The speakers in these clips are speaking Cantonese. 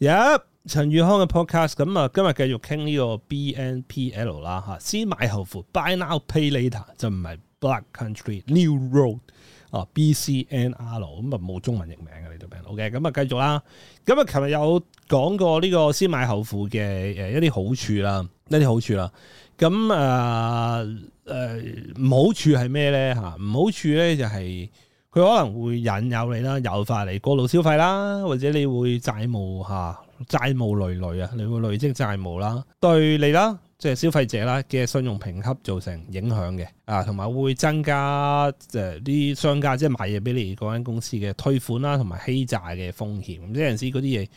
呀陳宇康嘅 podcast，咁啊，今日繼續傾呢個 B N P L 啦，吓先買後付，buy now pay later 就唔係 Black Country New Road 啊，B C N R 咁啊，冇中文譯名嘅呢隊 band，OK，咁啊繼續啦，咁啊，琴日有講過呢個先買後付嘅誒一啲好處啦，一啲好處啦，咁啊誒唔好處係咩咧吓？唔好處咧就係、是。佢可能會引誘你啦，誘發你過度消費啦，或者你會債務嚇、啊、債務累累啊，你會累積債務啦，對你啦，即係消費者啦嘅信用評級造成影響嘅啊，同埋會增加即係啲商家即係買嘢俾你嗰間公司嘅退款啦，同埋欺詐嘅風險，即陣時嗰啲嘢，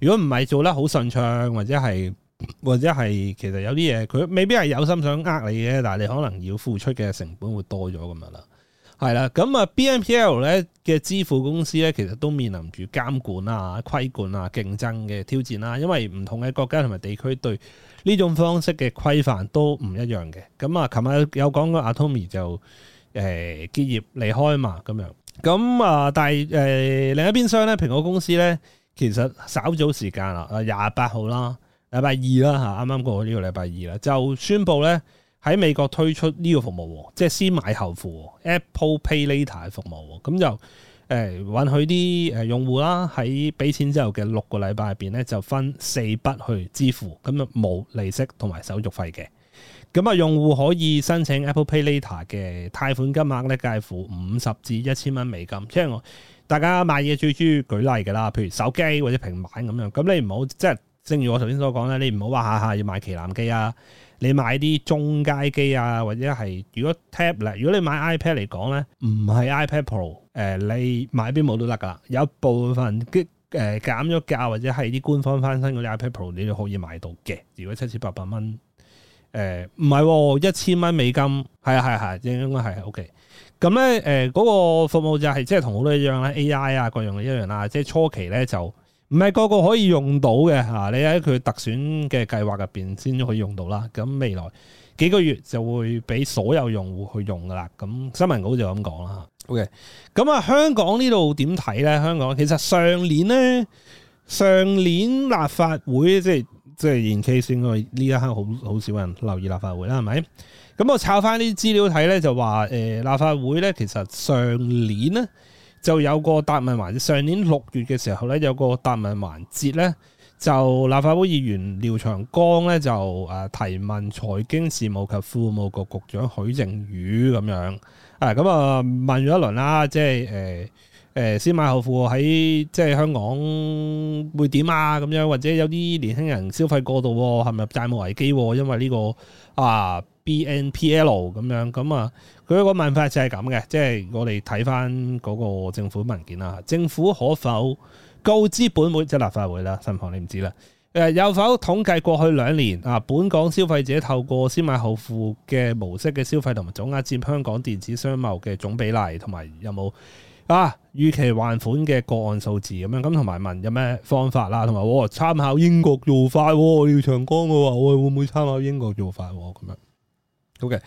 如果唔係做得好順暢，或者係或者係其實有啲嘢佢未必係有心想呃你嘅，但係你可能要付出嘅成本會多咗咁樣啦。係啦，咁啊，BNPL 咧嘅支付公司咧，其實都面臨住監管啊、規管啊、競爭嘅挑戰啦。因為唔同嘅國家同埋地區對呢種方式嘅規範都唔一樣嘅。咁啊，琴日有講過 Atome 就誒結業離開嘛，咁樣。咁啊，但係誒另一邊廂咧，蘋果公司咧，其實稍早時間啦，啊廿八號啦，禮拜二啦嚇，啱啱過去呢個禮拜二啦，就宣布咧。喺美國推出呢個服務，即係先買後付 Apple Pay Later 嘅服務，咁就誒允許啲誒用戶啦，喺俾錢之後嘅六個禮拜入邊咧，就分四筆去支付，咁啊冇利息同埋手續費嘅。咁啊，用戶可以申請 Apple Pay Later 嘅貸款金額咧，介乎五十至一千蚊美金。即係我大家買嘢最主要舉例㗎喇，譬如手機或者平板咁樣。咁你唔好即係正如我頭先所講咧，你唔好話下下要買旗艦機啊。你買啲中階機啊，或者係如果 tablet 如果你買 iPad 嚟講咧，唔係 iPad Pro，呃、你買邊部都得㗎啦。有部分即、呃、減咗價，或者係啲官方翻新嗰啲 iPad Pro，你都可以買到嘅。如果七千八百蚊，唔係一千蚊美金，係啊係係，應該係 OK。咁咧嗰個服務就係、是、即係同好多一樣啦，AI 啊各樣一樣啦，即係初期咧就。唔係個個可以用到嘅嚇，你喺佢特選嘅計劃入邊先可以用到啦。咁未來幾個月就會俾所有用戶去用噶啦。咁新聞稿就咁講啦。OK，咁啊香港呢度點睇呢？香港其實上年呢，上年立法會即係即係延期先，我呢一刻好好少人留意立法會啦，係咪？咁我抄翻啲資料睇呢，就話誒、呃、立法會呢，其實上年呢。就有個答問環節，上年六月嘅時候咧，有個答問環節咧，就立法會議員廖長江咧就提問財經事務及庫務局局，局長許正宇咁樣。啊咁啊、嗯、問咗一輪啦，即係誒誒先買後付喺即係香港會點啊咁樣，或者有啲年輕人消費過度，係咪債務危機，啊？因為呢、呢個啊。B.N.P.L. 咁樣咁啊，佢、那、嗰個問法就係咁嘅，即係我哋睇翻嗰個政府文件啦。政府可否告知本會即係立法會啦？信房你唔知啦。誒有否統計過去兩年啊，本港消費者透過先買後付嘅模式嘅消費同埋總額佔香港電子商貿嘅總比例，同埋有冇啊預期還款嘅個案數字咁樣？咁同埋問有咩方法啦？同埋我參考英國做法，廖長江嘅話，會唔會參考英國做法咁樣？好嘅，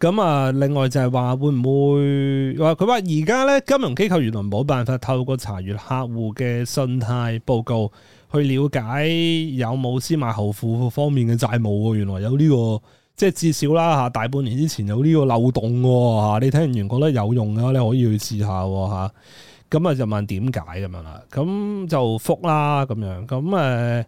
咁啊、Okay，另外就係話會唔會話佢話而家咧，金融機構原來冇辦法透過查閱客戶嘅信貸報告去了解有冇先買後付方面嘅債務，原來有呢、這個，即係至少啦吓，大半年之前有呢個漏洞，吓，你聽完覺得有用嘅話，你可以去試下吓。咁啊就問點解咁樣啦，咁就複啦咁樣，咁誒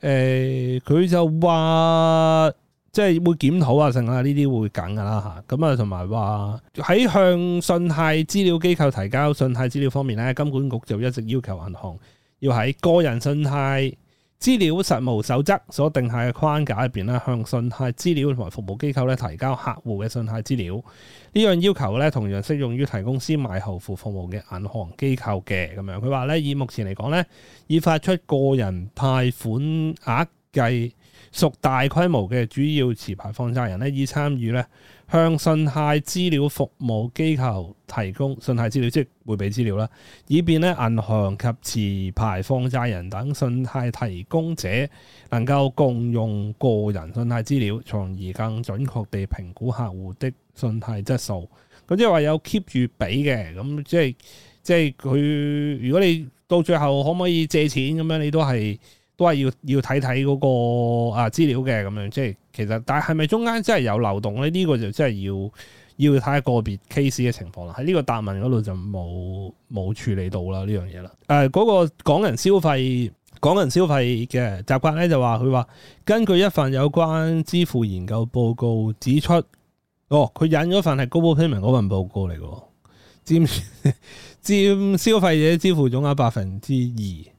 誒佢就話。即係會檢討啊，剩啊呢啲會緊噶啦吓，咁啊同埋話喺向信貸資料機構提交信貸資料方面咧，金管局就一直要求銀行要喺個人信貸資料實務守則所定下嘅框架入邊咧，向信貸資料同埋服務機構咧提交客戶嘅信貸資料。呢樣要求咧，同樣適用於提供先買後付服務嘅銀行機構嘅咁樣。佢話咧，以目前嚟講咧，已發出個人貸款額計，屬大規模嘅主要持牌放債人呢，以參與呢，向信貸資料服務機構提供信貸資料，即係會畀資料啦，以便呢銀行及持牌放債人等信貸提供者能夠共用個人信貸資料，從而更準確地評估客戶的信貸質素。咁即係話有 keep 住俾嘅，咁即係即係佢，如果你到最後可唔可以借錢咁樣，你都係。都係要要睇睇嗰個啊資料嘅咁樣，即係其實，但係係咪中間真係有漏洞咧？呢、呢個就真係要要睇下個別 case 嘅情況啦。喺呢個答問嗰度就冇冇處理到啦呢樣嘢啦。誒、呃，嗰、嗰個港人消費港人消費嘅習慣咧就話佢話，根據一份有關支付研究報告指出，哦，佢引咗份係 Global Payment 嗰份報告嚟嘅，佔佔消費者支付總額百分之二。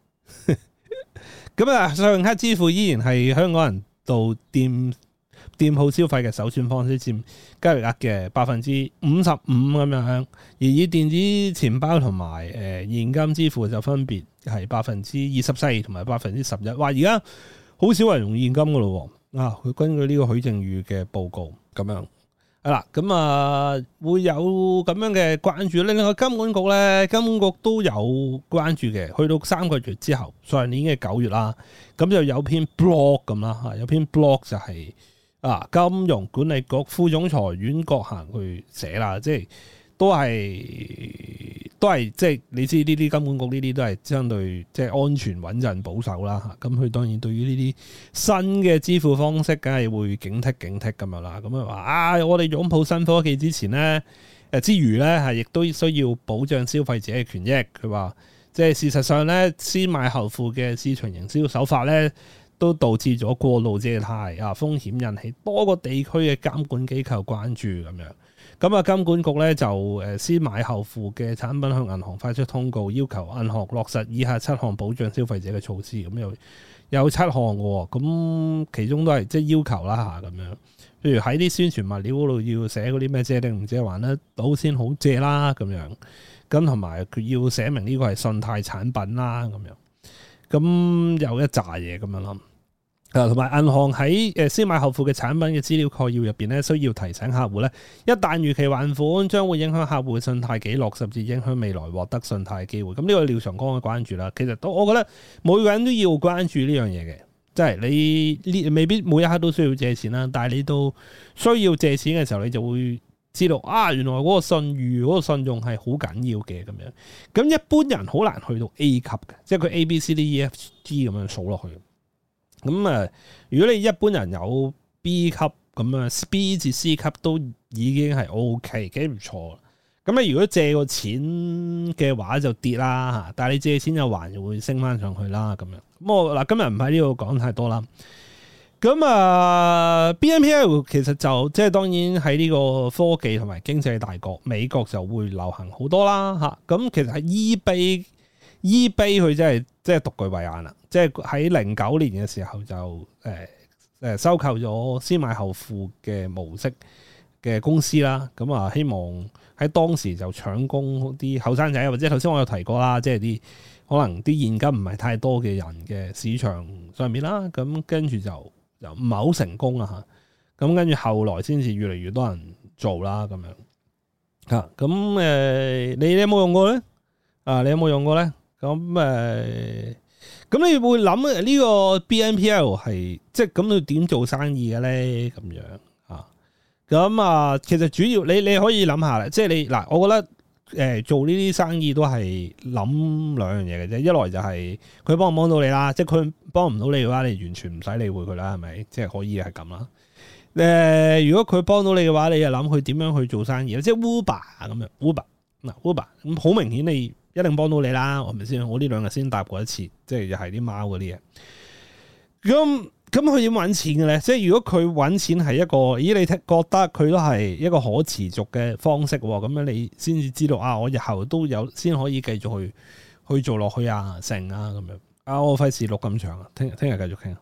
咁啊，信用卡支付依然係香港人到店店鋪消費嘅首選方式，佔交易額嘅百分之五十五咁樣。而以電子錢包同埋誒現金支付就分別係百分之二十四同埋百分之十一。哇！而家好少人用現金噶咯，啊，啊！佢根據呢個許正宇嘅報告咁樣。係啦，咁啊、嗯、會有咁樣嘅關注咧。另外金管局呢，金管局都有關注嘅。去到三個月之後，上年嘅九月啦，咁就有篇 blog 咁啦，吓有篇 blog 就係啊，金融管理局副總裁阮國恒去寫啦，即係都係。都係即係你知呢啲金管局呢啲都係相對即係、就是、安全穩陣保守啦，吓，咁佢當然對於呢啲新嘅支付方式，梗係會警惕警惕咁樣啦。咁佢話啊，我哋擁抱新科技之前呢，誒之餘呢，亦都需要保障消費者嘅權益。佢話即係事實上呢，先買後付嘅市場營銷手法呢，都導致咗過度借貸啊、風險，引起多個地區嘅監管機構關注咁樣。咁啊，金管局咧就先買後付嘅產品向銀行發出通告，要求銀行落實以下七項保障消費者嘅措施。咁又有七項喎，咁其中都係即係要求啦吓，咁樣。譬如喺啲宣傳物料嗰度要寫嗰啲咩借定唔借還得到先好借啦咁樣。咁同埋佢要寫明呢個係信貸產品啦咁樣。咁又一紮嘢咁樣。同埋銀行喺誒先買後付嘅產品嘅資料概要入邊咧，需要提醒客戶咧，一旦逾期還款，將會影響客戶嘅信貸記錄，甚至影響未來獲得信貸嘅機會。咁呢個廖長江嘅關注啦。其實都我覺得每個人都要關注呢樣嘢嘅，即係你呢未必每一刻都需要借錢啦，但係你到需要借錢嘅時候，你就會知道啊，原來嗰個信譽、嗰個信用係好緊要嘅咁樣。咁一般人好難去到 A 級嘅，即係佢 A、B、C、D、E、F、G 咁樣數落去。咁啊，如果你一般人有 B 級咁啊，B 至 C 級都已經係 OK，幾唔錯。咁啊，如果借個錢嘅話就跌啦，但係你借錢就還又會升翻上去啦，咁樣，咁我嗱今日唔喺呢度講太多啦。咁啊，B N P L 其實就即係當然喺呢個科技同埋經濟大國美國就會流行好多啦，咁其實係 eBay eBay 佢真係即係獨具慧眼啦。即係喺零九年嘅時候就誒誒收購咗先買後付嘅模式嘅公司啦，咁啊希望喺當時就搶攻啲後生仔，或者頭先我有提過啦，即係啲可能啲現金唔係太多嘅人嘅市場上面啦，咁跟住就就唔係好成功啦嚇，咁跟住後來先至越嚟越多人做啦咁樣嚇，咁、啊、誒、呃、你，你有冇用過咧？啊你有冇用過咧？咁誒，呃咁你會諗呢、個 B N P L 係即係咁佢點做生意嘅咧？咁樣啊，咁啊，其實主要你你可以諗下啦，即係你嗱，我覺得、呃、做呢啲生意都係諗兩樣嘢嘅啫，一來就係佢幫唔幫到你啦，即係佢幫唔到你嘅話，你完全唔使理會佢啦，係咪？即係可以係咁啦。呃，如果佢幫到你嘅話，你又諗佢點樣去做生意啦？即係 Uber 咁、啊、樣，Uber 嗱 Uber 咁好明顯你。一定幫到你啦，我咪先？我呢兩日先答過一次，即係又係啲貓嗰啲嘢。咁咁佢點搵錢嘅咧？即係如果佢搵錢係一個，咦？你聽覺得佢都係一個可持續嘅方式，咁樣你先至知道啊！我日後都有先可以繼續去去做落去啊，成啊咁樣啊！我費事錄咁長啊，聽聽日繼續傾啊。